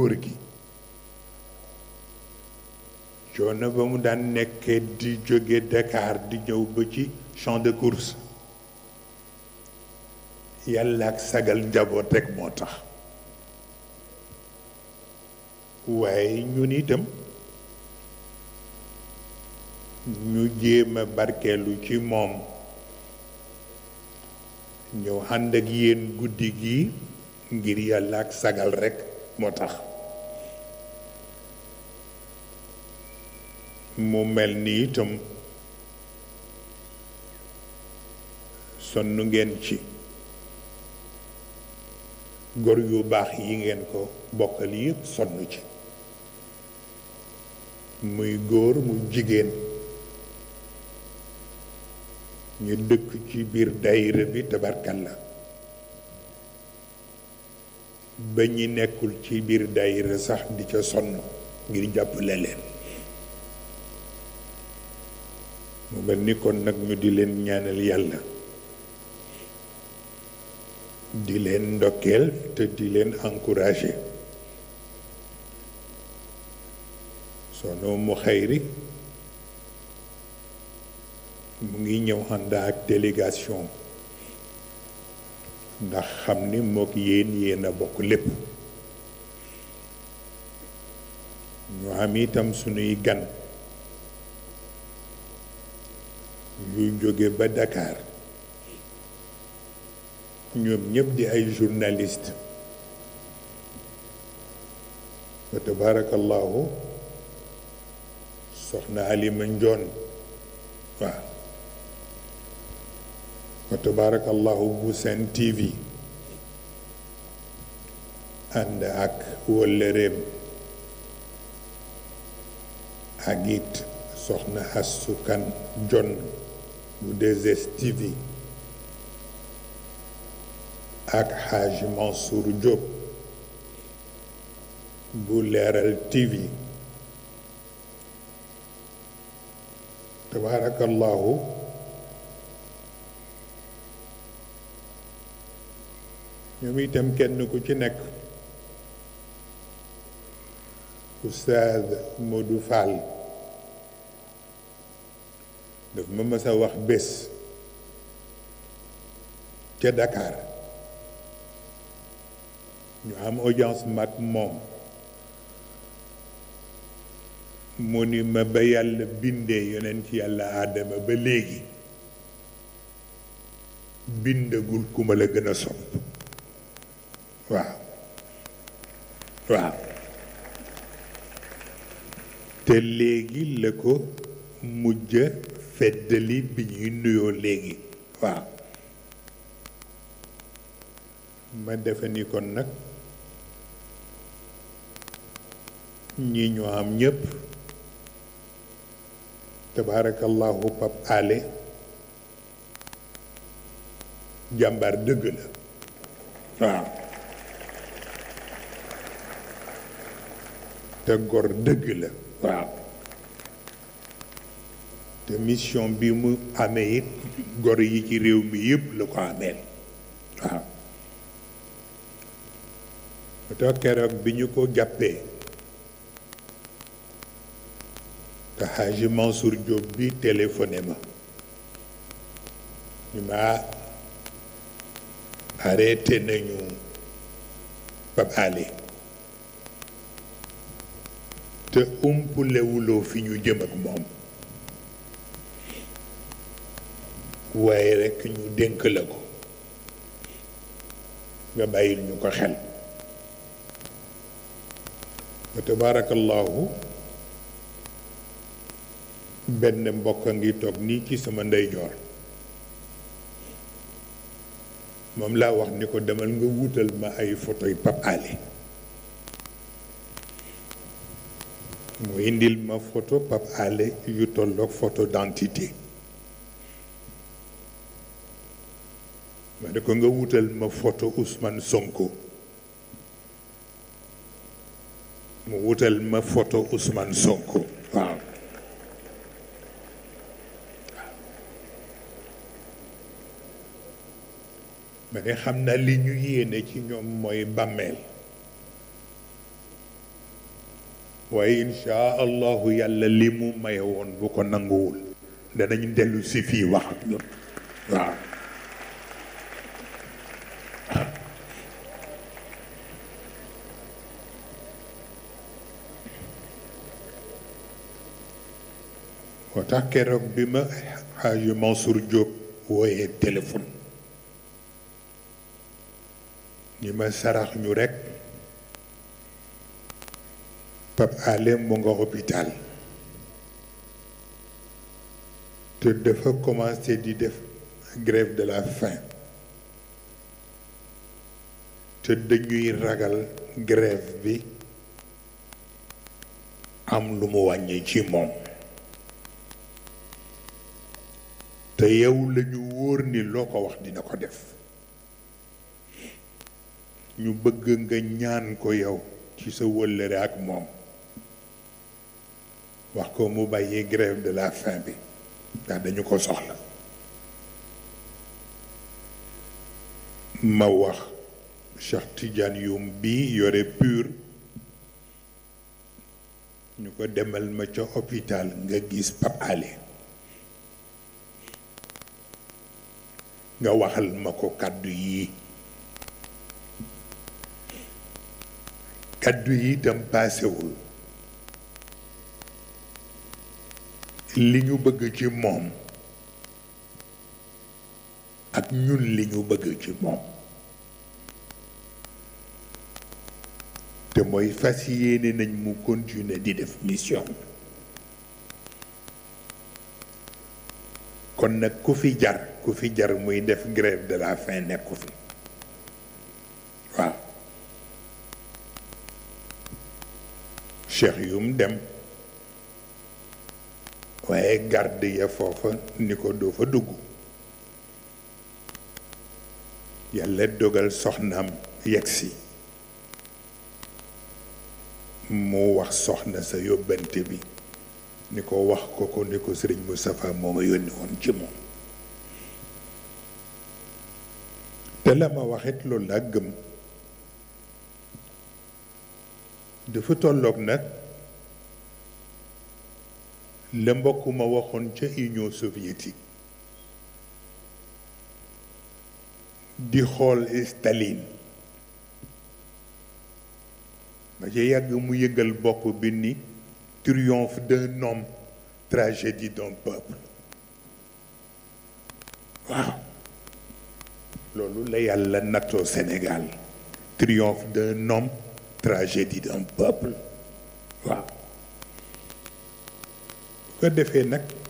góor gi coono ba mu daan nekk di jóge Dakar di ñëw ba ci champ de course yàlla ak sagal njaboot rek moo tax waaye ñun itam ñu jéem a barkeelu ci moom ñëw ànd ak yéen guddi gi ngir yàlla ak sagal rekk moo tax mu mel ni itam sonn ngeen ci góor yu baax yi ngeen ko bokkal yépp sonn ci muy góor mu jigéen ñu dëkk ci biir daayira bi tabarkalla ba ñi nekkul ci biir daayira sax di ca sonn ngir jàppale leen mu mel ni kon nag ñu di leen ñaanal yàlla di leen ndokkeel te di leen encouragé sono mu xayri mu ngi ñëw ànd ak délégation ndax xam ni mook yéen yéen a bokk lépp ñu am itam sunuy gan yu jóge ba Dakar ñoom ñëpp di ay journaliste wa tabarakallahu soxna Alima Njoon waaw wa bu seen TV ànd ak wëllëreem ak it soxna Assu Kan bu 2STV ak Hadj Mansour Diop bu leeral TV tabarakallahu ñoom itam kenn ku ci nekk Oustaz Modou Fall daf ma mës wax bés ca dakaar ñu am audience mag moom mu ni ma ba yàlla bindee yonent yàlla aadama ba léegi bindagul ku ma la gën a sopp waaw waaw te léegi la ko mujj feddali bi ñuy nuyoo léegi waaw ma defe ni kon nag ñi ñu am ñëpp tabaarakallahu pap ale jàmbaar dëgg la waaw te gor dëgg la waaw te mission bi mu amee it gor yi ci réew mi yëpp la ko ameel waaw moo keroog bi ñu ko jàppee te Haji Mansour Diop bi téléphoné ma ñu ma arrêté nañu Pape Alé te umpulewuloo fi ñu jëm ak moom waaye rekk ñu dénk la ko nga bàyyil ñu ko xel wa tabaarakallaahu benn mbokk a ngi toog nii ci sama ndeyjoor moom laa wax ni ko demal nga wutal ma ay photo yu Pape mu indil ma photo Pape Alé yu tolloog photo d'identité ma ne ko nga wutal ma photo Ousmane Sonko mu wutal ma photo Ousmane Sonko waaw ma xam na li ñu yéene ci ñoom mooy bàmmeel waaye insha allahu yàlla li mu maye woon bu ko nanguwul danañ dellu si fii wax waaw moo tax keroog bi ma xaaju Mansour Diop wooyee téléphone ñi ma sarax ñu rekk Pape Alé mu nga hôpital te dafa commencé di def grève de la faim te dañuy ragal grève bi am lu mu wàññi ci moom te yow lañu wóor ni loo ko wax dina ko def ñu bëgg nga ñaan ko yow ci sa wëllëre ak moom wax ko mu bàyyi grève de la faim bi ndax dañu ko soxla ma wax Cheikh Tidiane Youm bi yore pur ñu ko demal ma ca hôpital nga gis Pape Alé nga waxal ma ko kàddu yii kàddu yi itam paasewul li ñu bëgg ci moom ak ñun li ñu bëgg ci moom te mooy fas yéene nañ mu continuer di def mission kon nag ku fi jar ku fi jar muy def grève de la faim nekku fi waaw cheikh yum dem waaye garde ya foofa ni ko doo fa dugg yàlla dogal soxnaam yegsi mu wax soxna sa yóbbante bi ni ko wax ko ko ni ko sëriñ Moustapha moo ma yónni woon ci moom te la ma waxit loolu laa gëm dafa tolloog nag la mbokkuma waxoon ca Union soviétique di xool Staline ma ca yàgg mu yëgal bokk bi ni triomphe d'un homme tragédie d'un peuple loolu la yàlla nattoo Sénégal triomphe d'un homme tragédie d'un peuple waaw ko defee nag